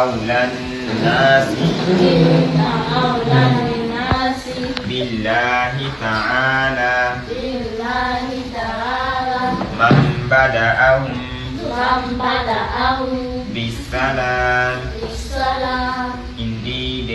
أولى الناس بالله تعالى من بدأهم بالسلام indeed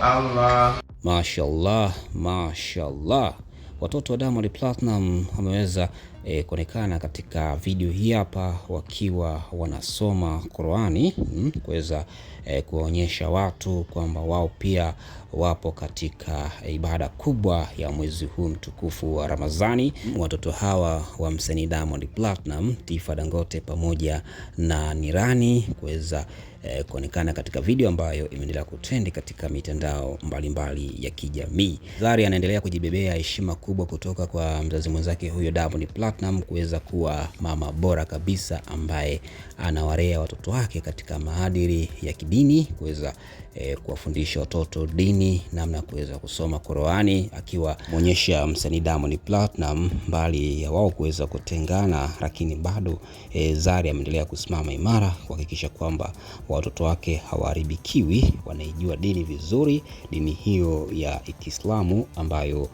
Allah Mashallah, mashallah, watoto wa Diamond Platinum wameweza e, kuonekana katika video hii hapa wakiwa wanasoma Qur'ani mm, kuweza e, kuwaonyesha watu kwamba wao pia wapo katika ibada kubwa ya mwezi huu mtukufu wa Ramadhani. Watoto hawa wa msanii Diamond Platinum, Tifa Dangote pamoja na Nirani kuweza e, kuonekana katika video ambayo imeendelea kutrendi katika mitandao mbalimbali mbali ya kijamii. Zari anaendelea kujibebea heshima kubwa kutoka kwa mzazi mwenzake huyo Diamond Platinum Platinum kuweza kuwa mama bora kabisa ambaye anawarea watoto wake katika maadili ya kidini, kuweza e, kuwafundisha watoto dini, namna ya kuweza kusoma Qur'ani, akiwa mwonyesha msanii Diamond Platinum, mbali ya wao kuweza kutengana, lakini bado e, Zari ameendelea kusimama imara kuhakikisha kwamba watoto wake hawaharibikiwi, wanaijua dini vizuri, dini hiyo ya Kiislamu ambayo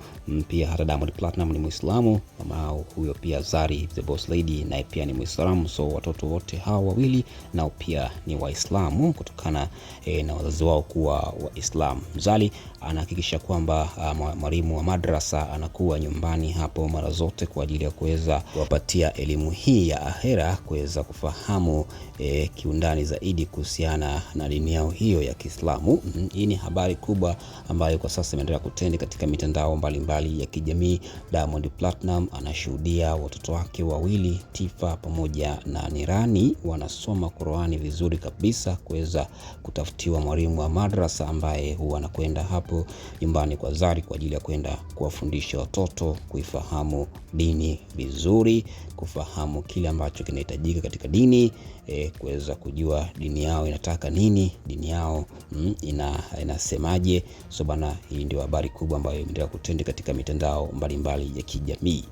pia hata Diamond Platinum ni Muislamu, mama huyo pia ya Zari the Boss Lady, naye pia ni Muislamu. So watoto wote hawa wawili nao pia ni Waislamu kutokana e, na wazazi wao kuwa Waislamu. Zari anahakikisha kwamba ah, mwalimu wa madrasa anakuwa nyumbani hapo mara zote kwa ajili ya kuweza kuwapatia elimu hii ya ahera, kuweza kufahamu e, kiundani zaidi kuhusiana na dini yao hiyo ya Kiislamu. Hii ni habari kubwa ambayo kwa sasa imeendelea kutendi katika mitandao mbalimbali mbali ya kijamii. Diamond Platinum anashuhudia watoto wake wawili Tifa pamoja na Nirani wanasoma Qurani vizuri kabisa, kuweza kutafutiwa mwalimu wa madrasa ambaye huwa anakwenda hapo nyumbani kwa Zari kwa ajili ya kwenda kuwafundisha watoto kuifahamu dini vizuri, kufahamu kile ambacho kinahitajika katika dini e, kuweza kujua dini yao inataka nini, dini yao mm, ina, inasemaje. So bana, hii ndio habari kubwa ambayo imeendelea kutendeka katika mitandao mbalimbali mbali ya kijamii.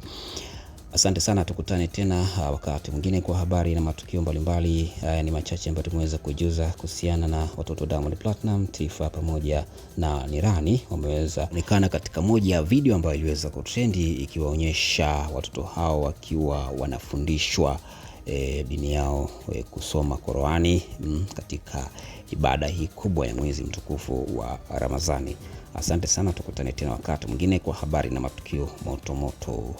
Asante sana, tukutane tena ah, wakati mwingine kwa habari na matukio mbalimbali. Haya ni machache ambayo tumeweza kujuza kuhusiana na watoto Diamond Platinum, Tifa pamoja na Nirani wameweza onekana katika moja ya video ambayo iliweza kutrendi ikiwaonyesha watoto hao wakiwa wanafundishwa E, dini yao e, kusoma Qurani mm, katika ibada hii kubwa ya mwezi mtukufu wa Ramadhani. Asante sana, tukutane tena wakati mwingine kwa habari na matukio moto moto.